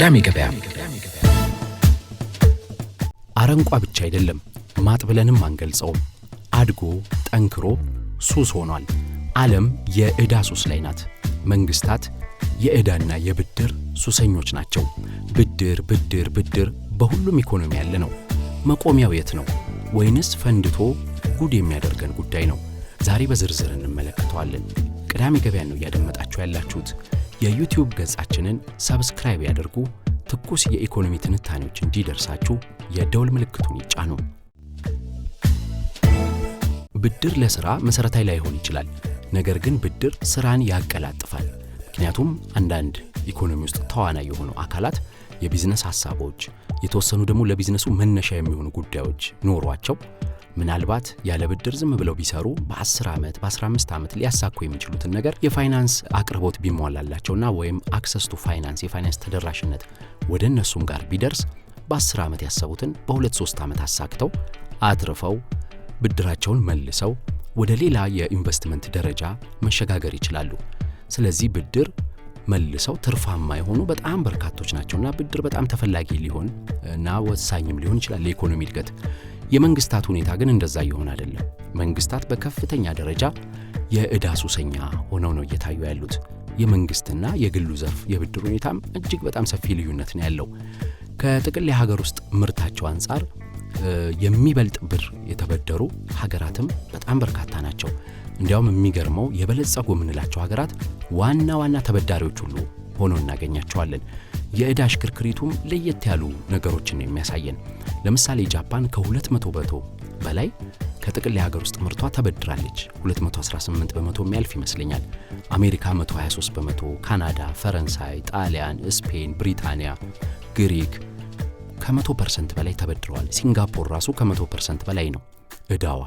ቅዳሜ ገበያ አረንቋ ብቻ አይደለም፣ ማጥ ብለንም አንገልጸውም። አድጎ ጠንክሮ ሱስ ሆኗል። ዓለም የዕዳ ሱስ ላይ ናት። መንግስታት የዕዳና የብድር ሱሰኞች ናቸው። ብድር ብድር ብድር በሁሉም ኢኮኖሚ ያለ ነው። መቆሚያው የት ነው? ወይንስ ፈንድቶ ጉድ የሚያደርገን ጉዳይ ነው? ዛሬ በዝርዝር እንመለከተዋለን። ቅዳሜ ገበያን ነው እያደመጣችሁ ያላችሁት። የዩቲዩብ ገጻችንን ሰብስክራይብ ያደርጉ። ትኩስ የኢኮኖሚ ትንታኔዎች እንዲደርሳችሁ የደውል ምልክቱን ይጫኑ። ብድር ለስራ መሰረታዊ ላይሆን ይችላል። ነገር ግን ብድር ስራን ያቀላጥፋል። ምክንያቱም አንዳንድ ኢኮኖሚ ውስጥ ተዋናይ የሆኑ አካላት የቢዝነስ ሀሳቦች የተወሰኑ ደግሞ ለቢዝነሱ መነሻ የሚሆኑ ጉዳዮች ኖሯቸው ምናልባት ያለ ብድር ዝም ብለው ቢሰሩ በ10 ዓመት በ15 ዓመት ሊያሳኩ የሚችሉትን ነገር የፋይናንስ አቅርቦት ቢሟላላቸውና ወይም አክሰስ ቱ ፋይናንስ የፋይናንስ ተደራሽነት ወደ እነሱም ጋር ቢደርስ በ10 ዓመት ያሰቡትን በሁለት ሶስት ዓመት አሳክተው አትርፈው ብድራቸውን መልሰው ወደ ሌላ የኢንቨስትመንት ደረጃ መሸጋገር ይችላሉ። ስለዚህ ብድር መልሰው ትርፋማ የሆኑ በጣም በርካቶች ናቸውና ብድር በጣም ተፈላጊ ሊሆን እና ወሳኝም ሊሆን ይችላል ለኢኮኖሚ እድገት። የመንግስታት ሁኔታ ግን እንደዛ እየሆነ አይደለም። መንግስታት በከፍተኛ ደረጃ የእዳ ሱሰኛ ሆነው ነው እየታዩ ያሉት። የመንግስትና የግሉ ዘርፍ የብድር ሁኔታም እጅግ በጣም ሰፊ ልዩነት ነው ያለው። ከጥቅል የሀገር ውስጥ ምርታቸው አንጻር የሚበልጥ ብር የተበደሩ ሀገራትም በጣም በርካታ ናቸው። እንዲያውም የሚገርመው የበለጸጉ የምንላቸው ሀገራት ዋና ዋና ተበዳሪዎች ሁሉ ሆኖ እናገኛቸዋለን። የዕዳ ሽክርክሪቱም ለየት ያሉ ነገሮችን ነው የሚያሳየን። ለምሳሌ ጃፓን ከ200 በመቶ በላይ ከጥቅል የሀገር ውስጥ ምርቷ ተበድራለች። 218 በመቶ የሚያልፍ ይመስለኛል። አሜሪካ 123 በመቶ፣ ካናዳ፣ ፈረንሳይ፣ ጣሊያን፣ ስፔን፣ ብሪታንያ፣ ግሪክ ከ100 ፐርሰንት በላይ ተበድረዋል። ሲንጋፖር ራሱ ከ100 ፐርሰንት በላይ ነው እዳዋ።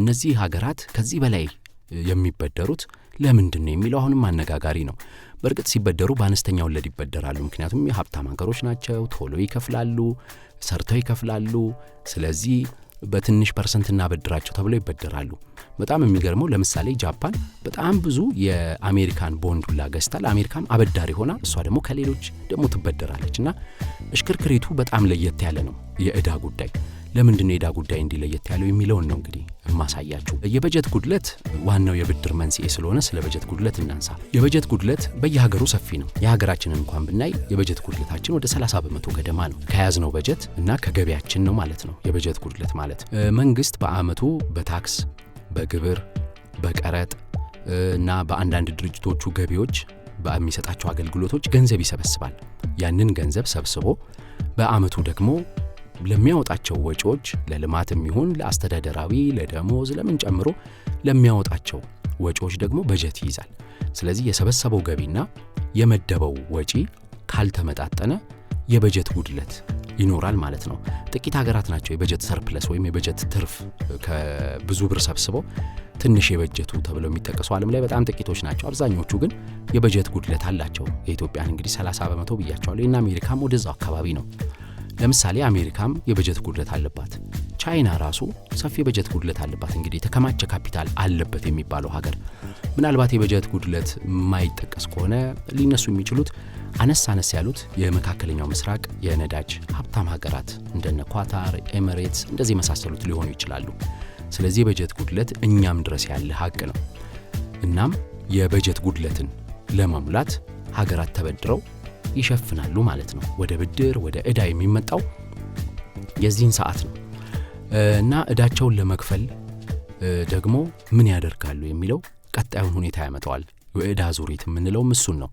እነዚህ ሀገራት ከዚህ በላይ የሚበደሩት ለምንድን ነው የሚለው አሁንም አነጋጋሪ ነው። በእርግጥ ሲበደሩ በአነስተኛ ወለድ ይበደራሉ። ምክንያቱም የሀብታም ሀገሮች ናቸው፣ ቶሎ ይከፍላሉ። ሰርተው ይከፍላሉ። ስለዚህ በትንሽ ፐርሰንት እናበድራቸው ተብለው ይበደራሉ። በጣም የሚገርመው ለምሳሌ ጃፓን በጣም ብዙ የአሜሪካን ቦንድ ሁላ አሜሪካም አበዳሪ ሆና እሷ ደግሞ ከሌሎች ደግሞ ትበደራለች እና እሽክርክሪቱ በጣም ለየት ያለ ነው የእዳ ጉዳይ ለምንድን ነው የዕዳ ጉዳይ እንዲለየት ያለው የሚለውን ነው እንግዲህ የማሳያችሁ። የበጀት ጉድለት ዋናው የብድር መንስኤ ስለሆነ ስለ በጀት ጉድለት እናንሳ። የበጀት ጉድለት በየሀገሩ ሰፊ ነው። የሀገራችንን እንኳን ብናይ የበጀት ጉድለታችን ወደ 30 በመቶ ገደማ ነው ከያዝነው በጀት እና ከገቢያችን ነው ማለት ነው። የበጀት ጉድለት ማለት መንግስት በአመቱ በታክስ በግብር በቀረጥ እና በአንዳንድ ድርጅቶቹ ገቢዎች በሚሰጣቸው አገልግሎቶች ገንዘብ ይሰበስባል። ያንን ገንዘብ ሰብስቦ በአመቱ ደግሞ ለሚያወጣቸው ወጪዎች ለልማትም ይሁን ለአስተዳደራዊ፣ ለደሞዝ፣ ለምን ጨምሮ ለሚያወጣቸው ወጪዎች ደግሞ በጀት ይይዛል። ስለዚህ የሰበሰበው ገቢና የመደበው ወጪ ካልተመጣጠነ የበጀት ጉድለት ይኖራል ማለት ነው። ጥቂት ሀገራት ናቸው የበጀት ሰርፕለስ ወይም የበጀት ትርፍ ከብዙ ብር ሰብስበው ትንሽ የበጀቱ ተብለው የሚጠቀሱ ዓለም ላይ በጣም ጥቂቶች ናቸው። አብዛኞቹ ግን የበጀት ጉድለት አላቸው። የኢትዮጵያን እንግዲህ 30 በመቶ ብያቸዋለሁ እና አሜሪካም ወደዛው አካባቢ ነው። ለምሳሌ አሜሪካም የበጀት ጉድለት አለባት። ቻይና ራሱ ሰፊ የበጀት ጉድለት አለባት። እንግዲህ የተከማቸ ካፒታል አለበት የሚባለው ሀገር ምናልባት የበጀት ጉድለት የማይጠቀስ ከሆነ ሊነሱ የሚችሉት አነስ አነስ ያሉት የመካከለኛው ምስራቅ የነዳጅ ሀብታም ሀገራት እንደነ ኳታር፣ ኤምሬትስ እንደዚህ የመሳሰሉት ሊሆኑ ይችላሉ። ስለዚህ የበጀት ጉድለት እኛም ድረስ ያለ ሀቅ ነው። እናም የበጀት ጉድለትን ለመሙላት ሀገራት ተበድረው ይሸፍናሉ ማለት ነው። ወደ ብድር ወደ እዳ የሚመጣው የዚህን ሰዓት ነው እና እዳቸውን ለመክፈል ደግሞ ምን ያደርጋሉ የሚለው ቀጣዩን ሁኔታ ያመጣዋል። የእዳ ዙሪት የምንለው ምሱን ነው።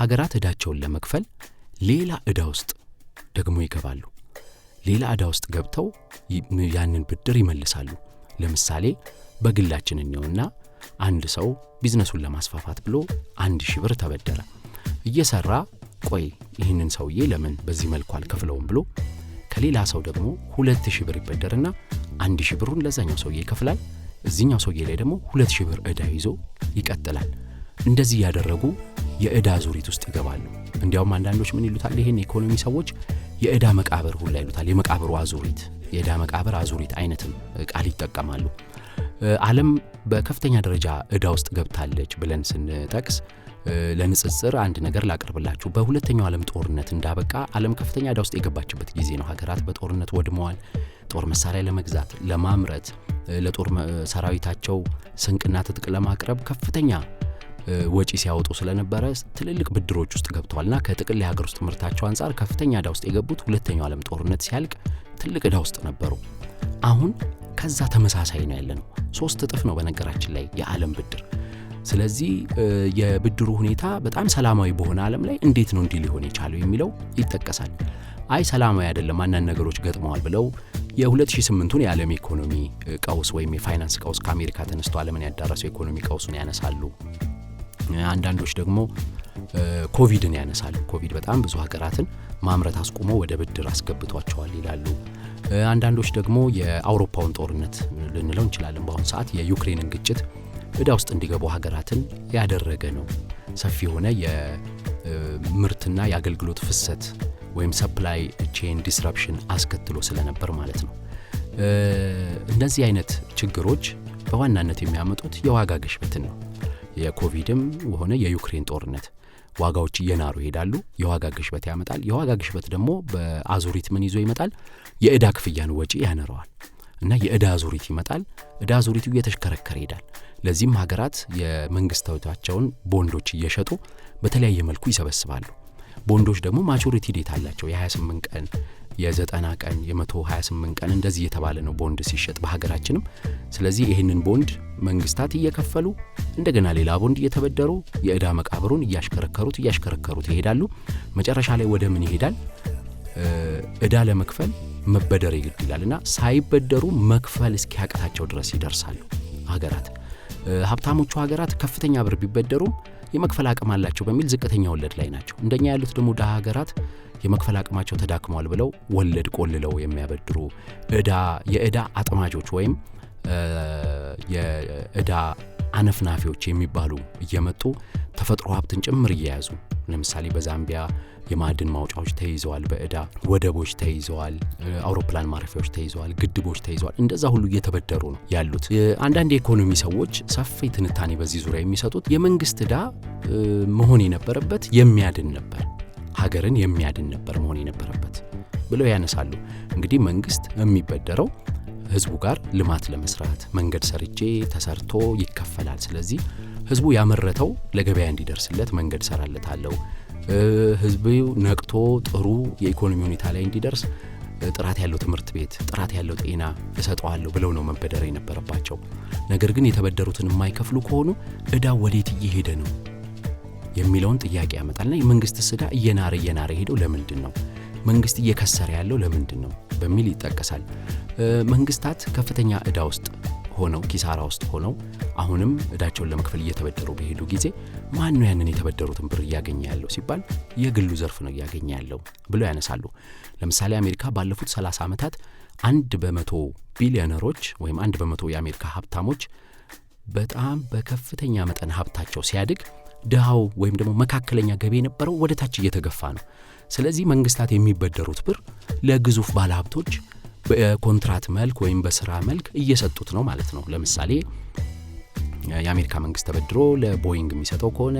ሀገራት እዳቸውን ለመክፈል ሌላ እዳ ውስጥ ደግሞ ይገባሉ። ሌላ እዳ ውስጥ ገብተው ያንን ብድር ይመልሳሉ። ለምሳሌ በግላችን እንየውና አንድ ሰው ቢዝነሱን ለማስፋፋት ብሎ አንድ ሺ ብር ተበደረ እየሰራ ቆይ ይህንን ሰውዬ ለምን በዚህ መልኩ አልከፍለውም ብሎ ከሌላ ሰው ደግሞ ሁለት ሺህ ብር ይበደርና አንድ ሺህ ብሩን ለዛኛው ሰውዬ ይከፍላል። እዚኛው ሰውዬ ላይ ደግሞ ሁለት ሺህ ብር ዕዳ ይዞ ይቀጥላል። እንደዚህ ያደረጉ የዕዳ ዙሪት ውስጥ ይገባሉ። እንዲያውም አንዳንዶች ምን ይሉታል? ይህን የኢኮኖሚ ሰዎች የዕዳ መቃብር ሁላ ይሉታል። የመቃብሩ አዙሪት፣ የዕዳ መቃብር አዙሪት አይነትም ቃል ይጠቀማሉ። ዓለም በከፍተኛ ደረጃ ዕዳ ውስጥ ገብታለች ብለን ስንጠቅስ ለንጽጽር አንድ ነገር ላቅርብላችሁ። በሁለተኛው ዓለም ጦርነት እንዳበቃ ዓለም ከፍተኛ ዕዳ ውስጥ የገባችበት ጊዜ ነው። ሀገራት በጦርነት ወድመዋል። ጦር መሳሪያ ለመግዛት፣ ለማምረት፣ ለጦር ሰራዊታቸው ስንቅና ትጥቅ ለማቅረብ ከፍተኛ ወጪ ሲያወጡ ስለነበረ ትልልቅ ብድሮች ውስጥ ገብተዋልና ከጥቅል የሀገር ውስጥ ምርታቸው አንጻር ከፍተኛ ዕዳ ውስጥ የገቡት ሁለተኛው ዓለም ጦርነት ሲያልቅ ትልቅ ዕዳ ውስጥ ነበሩ። አሁን ከዛ ተመሳሳይ ነው ያለ ነው። ሶስት እጥፍ ነው በነገራችን ላይ የዓለም ብድር ስለዚህ የብድሩ ሁኔታ በጣም ሰላማዊ በሆነ ዓለም ላይ እንዴት ነው እንዲህ ሊሆን የቻለው የሚለው ይጠቀሳል። አይ ሰላማዊ አይደለም፣ አንዳንድ ነገሮች ገጥመዋል ብለው የ2008ቱን የዓለም ኢኮኖሚ ቀውስ ወይም የፋይናንስ ቀውስ ከአሜሪካ ተነስቶ ዓለምን ያዳረሰው ኢኮኖሚ ቀውሱን ያነሳሉ። አንዳንዶች ደግሞ ኮቪድን ያነሳሉ። ኮቪድ በጣም ብዙ ሀገራትን ማምረት አስቁሞ ወደ ብድር አስገብቷቸዋል ይላሉ። አንዳንዶች ደግሞ የአውሮፓውን ጦርነት ልንለው እንችላለን፣ በአሁኑ ሰዓት የዩክሬንን ግጭት እዳ ውስጥ እንዲገቡ ሀገራትን ያደረገ ነው። ሰፊ የሆነ የምርትና የአገልግሎት ፍሰት ወይም ሰፕላይ ቼን ዲስራፕሽን አስከትሎ ስለነበር ማለት ነው። እነዚህ አይነት ችግሮች በዋናነት የሚያመጡት የዋጋ ግሽበትን ነው። የኮቪድም ሆነ የዩክሬን ጦርነት ዋጋዎች እየናሩ ይሄዳሉ። የዋጋ ግሽበት ያመጣል። የዋጋ ግሽበት ደግሞ በአዙሪት ምን ይዞ ይመጣል? የእዳ ክፍያን ወጪ ያነረዋል እና የእዳ አዙሪት ይመጣል። እዳ አዙሪቱ እየተሽከረከረ ይሄዳል። ለዚህም ሀገራት የመንግስታዊታቸውን ቦንዶች እየሸጡ በተለያየ መልኩ ይሰበስባሉ። ቦንዶች ደግሞ ማቹሪቲ ዴት አላቸው። የ28 ቀን፣ የ90 ቀን፣ የ128 ቀን እንደዚህ እየተባለ ነው ቦንድ ሲሸጥ በሀገራችንም። ስለዚህ ይህንን ቦንድ መንግስታት እየከፈሉ እንደገና ሌላ ቦንድ እየተበደሩ የእዳ መቃብሩን እያሽከረከሩት እያሽከረከሩት ይሄዳሉ። መጨረሻ ላይ ወደ ምን ይሄዳል? እዳ ለመክፈል መበደር ይግድ ይላል እና ሳይበደሩ መክፈል እስኪያቅታቸው ድረስ ይደርሳሉ ሀገራት። ሀብታሞቹ ሀገራት ከፍተኛ ብር ቢበደሩም የመክፈል አቅም አላቸው በሚል ዝቅተኛ ወለድ ላይ ናቸው። እንደኛ ያሉት ደግሞ ድሀ ሀገራት የመክፈል አቅማቸው ተዳክመዋል ብለው ወለድ ቆልለው የሚያበድሩ እዳ የእዳ አጥማጆች ወይም የእዳ አነፍናፊዎች የሚባሉ እየመጡ ተፈጥሮ ሀብትን ጭምር እየያዙ ለምሳሌ በዛምቢያ የማዕድን ማውጫዎች ተይዘዋል በእዳ ወደቦች ተይዘዋል፣ አውሮፕላን ማረፊያዎች ተይዘዋል፣ ግድቦች ተይዘዋል። እንደዛ ሁሉ እየተበደሩ ነው ያሉት። አንዳንድ የኢኮኖሚ ሰዎች ሰፊ ትንታኔ በዚህ ዙሪያ የሚሰጡት የመንግስት እዳ መሆን የነበረበት የሚያድን ነበር፣ ሀገርን የሚያድን ነበር መሆን የነበረበት ብለው ያነሳሉ። እንግዲህ መንግስት የሚበደረው ህዝቡ ጋር ልማት ለመስራት መንገድ ሰርቼ ተሰርቶ ይከፈላል። ስለዚህ ህዝቡ ያመረተው ለገበያ እንዲደርስለት መንገድ ሰራለታለሁ፣ ህዝብ ነቅቶ ጥሩ የኢኮኖሚ ሁኔታ ላይ እንዲደርስ ጥራት ያለው ትምህርት ቤት፣ ጥራት ያለው ጤና እሰጠዋለሁ ብለው ነው መበደር የነበረባቸው። ነገር ግን የተበደሩትን የማይከፍሉ ከሆኑ እዳው ወዴት እየሄደ ነው የሚለውን ጥያቄ ያመጣልና የመንግስት ስጋ እየናረ እየናረ ሄደው ለምንድን ነው መንግስት እየከሰረ ያለው ለምንድን ነው በሚል ይጠቀሳል። መንግስታት ከፍተኛ እዳ ውስጥ ሆነው ኪሳራ ውስጥ ሆነው አሁንም እዳቸውን ለመክፈል እየተበደሩ በሄዱ ጊዜ ማን ነው ያንን የተበደሩትን ብር እያገኘ ያለው ሲባል የግሉ ዘርፍ ነው እያገኘ ያለው ብለው ያነሳሉ። ለምሳሌ አሜሪካ ባለፉት 30 ዓመታት አንድ በመቶ ቢሊዮነሮች ወይም አንድ በመቶ የአሜሪካ ሀብታሞች በጣም በከፍተኛ መጠን ሀብታቸው ሲያድግ ድሃው ወይም ደግሞ መካከለኛ ገቢ የነበረው ወደ ታች እየተገፋ ነው። ስለዚህ መንግስታት የሚበደሩት ብር ለግዙፍ ባለሀብቶች በኮንትራት መልክ ወይም በስራ መልክ እየሰጡት ነው ማለት ነው። ለምሳሌ የአሜሪካ መንግስት ተበድሮ ለቦይንግ የሚሰጠው ከሆነ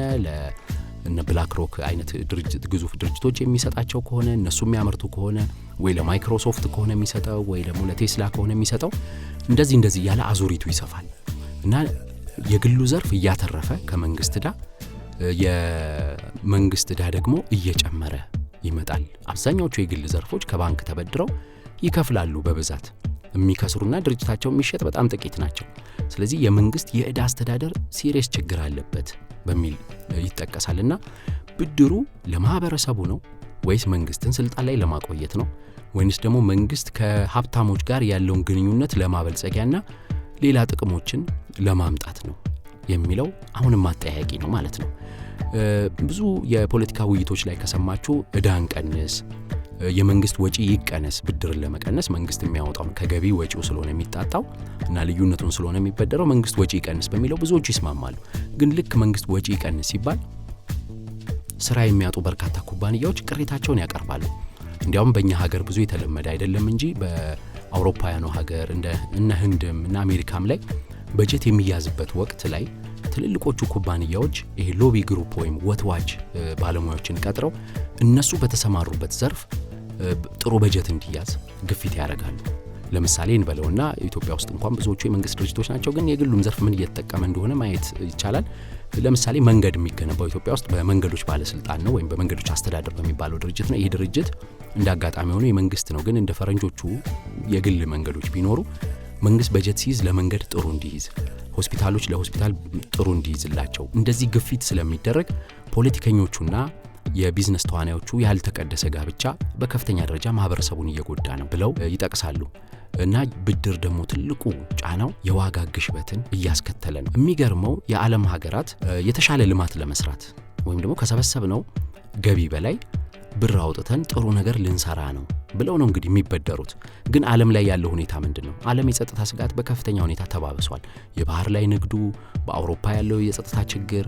እነ ብላክሮክ አይነት ድርጅት ግዙፍ ድርጅቶች የሚሰጣቸው ከሆነ እነሱ የሚያመርቱ ከሆነ ወይ ለማይክሮሶፍት ከሆነ የሚሰጠው ወይ ደግሞ ለቴስላ ከሆነ የሚሰጠው እንደዚህ እንደዚህ እያለ አዙሪቱ ይሰፋል እና የግሉ ዘርፍ እያተረፈ ከመንግስት ዳ የመንግስት ዳ ደግሞ እየጨመረ ይመጣል። አብዛኛዎቹ የግል ዘርፎች ከባንክ ተበድረው ይከፍላሉ። በብዛት የሚከስሩና ድርጅታቸው የሚሸጥ በጣም ጥቂት ናቸው። ስለዚህ የመንግስት የዕዳ አስተዳደር ሲሪየስ ችግር አለበት በሚል ይጠቀሳል እና ብድሩ ለማህበረሰቡ ነው ወይስ መንግስትን ስልጣን ላይ ለማቆየት ነው ወይንስ ደግሞ መንግስት ከሀብታሞች ጋር ያለውን ግንኙነት ለማበልጸጊያና ሌላ ጥቅሞችን ለማምጣት ነው የሚለው አሁንም አጠያቂ ነው ማለት ነው። ብዙ የፖለቲካ ውይይቶች ላይ ከሰማችሁ ዕዳን ቀንስ የመንግስት ወጪ ይቀነስ፣ ብድርን ለመቀነስ መንግስት የሚያወጣው ከገቢ ወጪው ስለሆነ የሚጣጣው እና ልዩነቱን ስለሆነ የሚበደረው መንግስት ወጪ ይቀንስ በሚለው ብዙዎቹ ይስማማሉ። ግን ልክ መንግስት ወጪ ይቀንስ ሲባል ስራ የሚያጡ በርካታ ኩባንያዎች ቅሬታቸውን ያቀርባሉ። እንዲያውም በእኛ ሀገር ብዙ የተለመደ አይደለም እንጂ በአውሮፓውያኑ ሀገር እነ ህንድም እና አሜሪካም ላይ በጀት የሚያዝበት ወቅት ላይ ትልልቆቹ ኩባንያዎች ይሄ ሎቢ ግሩፕ ወይም ወትዋጅ ባለሙያዎችን ቀጥረው እነሱ በተሰማሩበት ዘርፍ ጥሩ በጀት እንዲያዝ ግፊት ያደርጋሉ። ለምሳሌ እንበለውና ኢትዮጵያ ውስጥ እንኳን ብዙዎቹ የመንግስት ድርጅቶች ናቸው፣ ግን የግሉም ዘርፍ ምን እየተጠቀመ እንደሆነ ማየት ይቻላል። ለምሳሌ መንገድ የሚገነባው ኢትዮጵያ ውስጥ በመንገዶች ባለስልጣን ነው ወይም በመንገዶች አስተዳደር በሚባለው ድርጅት ነው። ይህ ድርጅት እንደ አጋጣሚ ሆኖ የመንግስት ነው፣ ግን እንደ ፈረንጆቹ የግል መንገዶች ቢኖሩ መንግስት በጀት ሲይዝ ለመንገድ ጥሩ እንዲይዝ፣ ሆስፒታሎች ለሆስፒታል ጥሩ እንዲይዝላቸው እንደዚህ ግፊት ስለሚደረግ ፖለቲከኞቹና የቢዝነስ ተዋናዮቹ ያልተቀደሰ ጋብቻ በከፍተኛ ደረጃ ማህበረሰቡን እየጎዳ ነው ብለው ይጠቅሳሉ። እና ብድር ደግሞ ትልቁ ጫናው የዋጋ ግሽበትን እያስከተለ ነው። የሚገርመው የዓለም ሀገራት የተሻለ ልማት ለመስራት ወይም ደግሞ ከሰበሰብነው ገቢ በላይ ብር አውጥተን ጥሩ ነገር ልንሰራ ነው ብለው ነው እንግዲህ የሚበደሩት። ግን ዓለም ላይ ያለው ሁኔታ ምንድን ነው? ዓለም የጸጥታ ስጋት በከፍተኛ ሁኔታ ተባብሷል። የባህር ላይ ንግዱ፣ በአውሮፓ ያለው የጸጥታ ችግር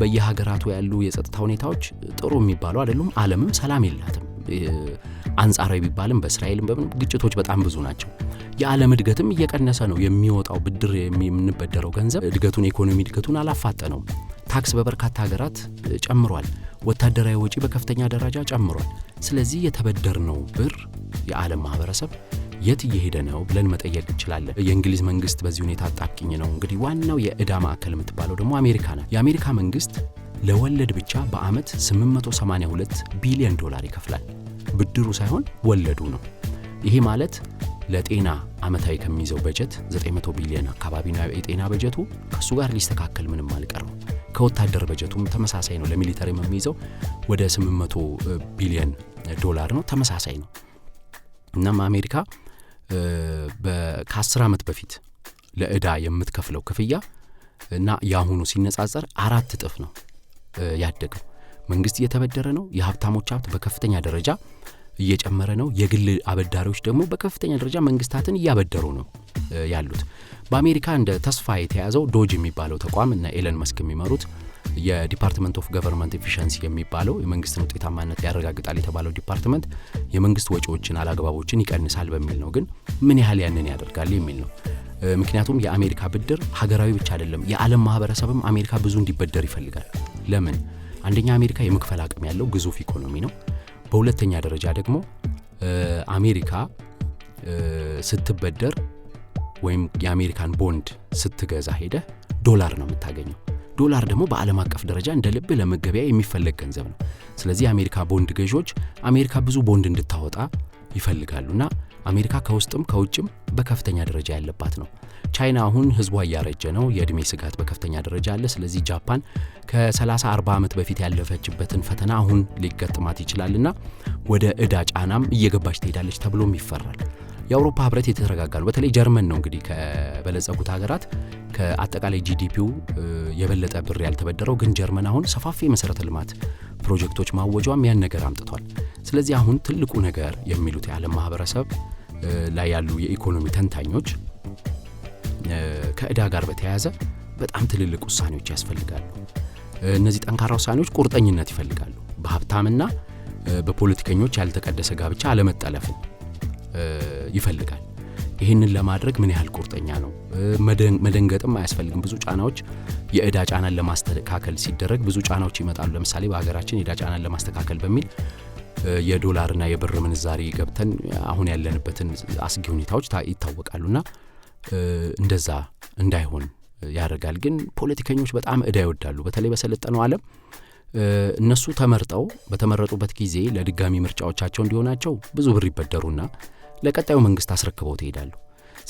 በየሀገራቱ ያሉ የጸጥታ ሁኔታዎች ጥሩ የሚባሉ አይደሉም። ዓለምም ሰላም የላትም። አንጻራዊ ቢባልም በእስራኤልም በምን ግጭቶች በጣም ብዙ ናቸው። የዓለም እድገትም እየቀነሰ ነው። የሚወጣው ብድር የምንበደረው ገንዘብ እድገቱን ኢኮኖሚ እድገቱን አላፋጠነው። ታክስ በበርካታ ሀገራት ጨምሯል። ወታደራዊ ወጪ በከፍተኛ ደረጃ ጨምሯል። ስለዚህ የተበደርነው ብር የዓለም ማህበረሰብ የት እየሄደ ነው ብለን መጠየቅ እንችላለን። የእንግሊዝ መንግስት በዚህ ሁኔታ አጣብቂኝ ነው። እንግዲህ ዋናው የእዳ ማዕከል የምትባለው ደግሞ አሜሪካ ናት። የአሜሪካ መንግስት ለወለድ ብቻ በአመት 882 ቢሊዮን ዶላር ይከፍላል። ብድሩ ሳይሆን ወለዱ ነው። ይሄ ማለት ለጤና አመታዊ ከሚይዘው በጀት 900 ቢሊዮን አካባቢ ነው የጤና በጀቱ። ከእሱ ጋር ሊስተካከል ምንም አልቀረው። ከወታደር በጀቱም ተመሳሳይ ነው። ለሚሊተሪ የሚይዘው ወደ 800 ቢሊዮን ዶላር ነው። ተመሳሳይ ነው። እናም አሜሪካ ከአስር ዓመት በፊት ለእዳ የምትከፍለው ክፍያ እና የአሁኑ ሲነጻጸር አራት እጥፍ ነው ያደገው። መንግስት እየተበደረ ነው። የሀብታሞች ሀብት በከፍተኛ ደረጃ እየጨመረ ነው። የግል አበዳሪዎች ደግሞ በከፍተኛ ደረጃ መንግስታትን እያበደሩ ነው ያሉት። በአሜሪካ እንደ ተስፋ የተያዘው ዶጅ የሚባለው ተቋም እና ኤለን መስክ የሚመሩት የዲፓርትመንት ኦፍ ገቨርንመንት ኤፊሽንሲ የሚባለው የመንግስትን ውጤታማነት ያረጋግጣል የተባለው ዲፓርትመንት የመንግስት ወጪዎችን፣ አላግባቦችን ይቀንሳል በሚል ነው። ግን ምን ያህል ያንን ያደርጋል የሚል ነው። ምክንያቱም የአሜሪካ ብድር ሀገራዊ ብቻ አይደለም። የዓለም ማህበረሰብም አሜሪካ ብዙ እንዲበደር ይፈልጋል። ለምን? አንደኛ አሜሪካ የመክፈል አቅም ያለው ግዙፍ ኢኮኖሚ ነው። በሁለተኛ ደረጃ ደግሞ አሜሪካ ስትበደር ወይም የአሜሪካን ቦንድ ስትገዛ ሄደህ ዶላር ነው የምታገኘው። ዶላር ደግሞ በዓለም አቀፍ ደረጃ እንደ ልብ ለመገበያ የሚፈለግ ገንዘብ ነው። ስለዚህ የአሜሪካ ቦንድ ገዢዎች አሜሪካ ብዙ ቦንድ እንድታወጣ ይፈልጋሉና አሜሪካ ከውስጥም ከውጭም በከፍተኛ ደረጃ ያለባት ነው። ቻይና አሁን ህዝቧ እያረጀ ነው፣ የእድሜ ስጋት በከፍተኛ ደረጃ አለ። ስለዚህ ጃፓን ከ30 40 ዓመት በፊት ያለፈችበትን ፈተና አሁን ሊገጥማት ይችላልና ወደ እዳ ጫናም እየገባች ትሄዳለች ተብሎም ይፈራል። የአውሮፓ ህብረት የተረጋጋሉ ነው። በተለይ ጀርመን ነው እንግዲህ ከበለጸጉት ሀገራት ከአጠቃላይ ጂዲፒው የበለጠ ብር ያልተበደረው። ግን ጀርመን አሁን ሰፋፊ የመሰረተ ልማት ፕሮጀክቶች ማወጇም ያን ነገር አምጥቷል። ስለዚህ አሁን ትልቁ ነገር የሚሉት የዓለም ማህበረሰብ ላይ ያሉ የኢኮኖሚ ተንታኞች ከእዳ ጋር በተያያዘ በጣም ትልልቅ ውሳኔዎች ያስፈልጋሉ። እነዚህ ጠንካራ ውሳኔዎች ቁርጠኝነት ይፈልጋሉ። በሀብታምና በፖለቲከኞች ያልተቀደሰ ጋብቻ አለመጠለፍን ይፈልጋል። ይህንን ለማድረግ ምን ያህል ቁርጠኛ ነው? መደንገጥም አያስፈልግም። ብዙ ጫናዎች የእዳ ጫናን ለማስተካከል ሲደረግ ብዙ ጫናዎች ይመጣሉ። ለምሳሌ በሀገራችን የእዳ ጫናን ለማስተካከል በሚል የዶላርና የብር ምንዛሪ ገብተን አሁን ያለንበትን አስጊ ሁኔታዎች ይታወቃሉና እንደዛ እንዳይሆን ያደርጋል። ግን ፖለቲከኞች በጣም እዳ ይወዳሉ። በተለይ በሰለጠነው ዓለም እነሱ ተመርጠው በተመረጡበት ጊዜ ለድጋሚ ምርጫዎቻቸው እንዲሆናቸው ብዙ ብር ይበደሩና ለቀጣዩ መንግስት አስረክበው ትሄዳሉ።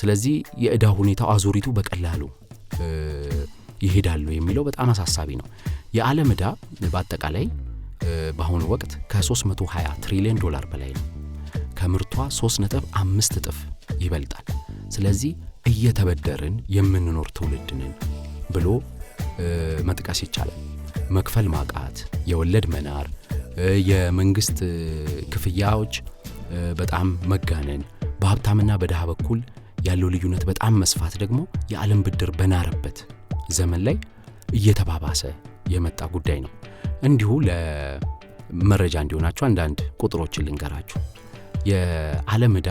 ስለዚህ የእዳ ሁኔታው አዙሪቱ በቀላሉ ይሄዳሉ የሚለው በጣም አሳሳቢ ነው። የዓለም እዳ በአጠቃላይ በአሁኑ ወቅት ከ320 ትሪሊዮን ዶላር በላይ ነው። ከምርቷ 3.5 እጥፍ ይበልጣል። ስለዚህ እየተበደርን የምንኖር ትውልድ ነን ብሎ መጥቀስ ይቻላል። መክፈል ማቃት፣ የወለድ መናር፣ የመንግስት ክፍያዎች በጣም መጋነን፣ በሀብታምና በድሃ በኩል ያለው ልዩነት በጣም መስፋት ደግሞ የዓለም ብድር በናረበት ዘመን ላይ እየተባባሰ የመጣ ጉዳይ ነው። እንዲሁ ለመረጃ እንዲሆናቸው አንዳንድ ቁጥሮችን ልንገራችሁ። የዓለም ዕዳ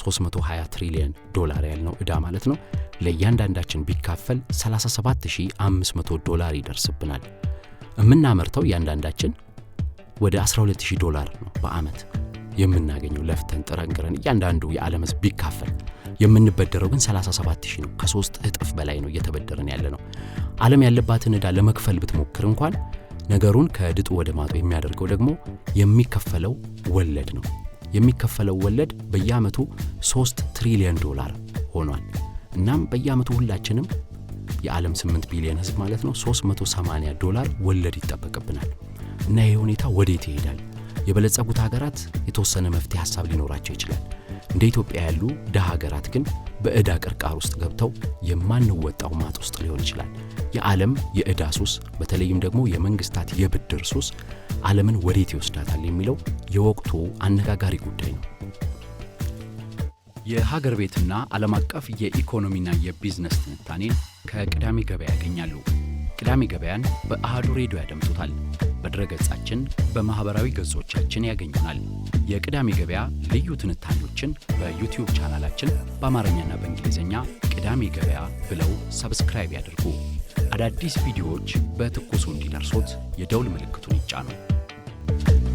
320 ትሪሊዮን ዶላር ያልነው ዕዳ ማለት ነው። ለእያንዳንዳችን ቢካፈል 37500 ዶላር ይደርስብናል። የምናመርተው እያንዳንዳችን ወደ 12000 ዶላር ነው በዓመት የምናገኘው ለፍተን ጥረን ግረን እያንዳንዱ የዓለም ህዝብ ቢካፈል የምንበደረው ግን 37 ሺህ ነው። ከሶስት እጥፍ በላይ ነው እየተበደረን ያለ ነው። ዓለም ያለባትን ዕዳ ለመክፈል ብትሞክር እንኳን ነገሩን ከድጡ ወደ ማጡ የሚያደርገው ደግሞ የሚከፈለው ወለድ ነው። የሚከፈለው ወለድ በየዓመቱ 3 ትሪሊዮን ዶላር ሆኗል። እናም በየዓመቱ ሁላችንም የዓለም 8 ቢሊዮን ህዝብ ማለት ነው 380 ዶላር ወለድ ይጠበቅብናል እና ይህ ሁኔታ ወዴት ይሄዳል? የበለጸጉት ሀገራት የተወሰነ መፍትሄ ሀሳብ ሊኖራቸው ይችላል። እንደ ኢትዮጵያ ያሉ ድሃ ሀገራት ግን በዕዳ ቅርቃር ውስጥ ገብተው የማንወጣው ማጥ ውስጥ ሊሆን ይችላል። የዓለም የዕዳ ሱስ፣ በተለይም ደግሞ የመንግስታት የብድር ሱስ ዓለምን ወዴት ይወስዳታል የሚለው የወቅቱ አነጋጋሪ ጉዳይ ነው። የሀገር ቤትና ዓለም አቀፍ የኢኮኖሚና የቢዝነስ ትንታኔን ከቅዳሜ ገበያ ያገኛሉ። ቅዳሜ ገበያን በአህዱ ሬዲዮ ያደምጡታል። በድረገጻችን በማኅበራዊ ገጾቻችን ያገኙናል። የቅዳሜ ገበያ ልዩ ትንታኔዎችን በዩቲዩብ ቻናላችን በአማርኛና በእንግሊዝኛ ቅዳሜ ገበያ ብለው ሰብስክራይብ ያድርጉ። አዳዲስ ቪዲዮዎች በትኩሱ እንዲደርሶት የደውል ምልክቱን ይጫኑ።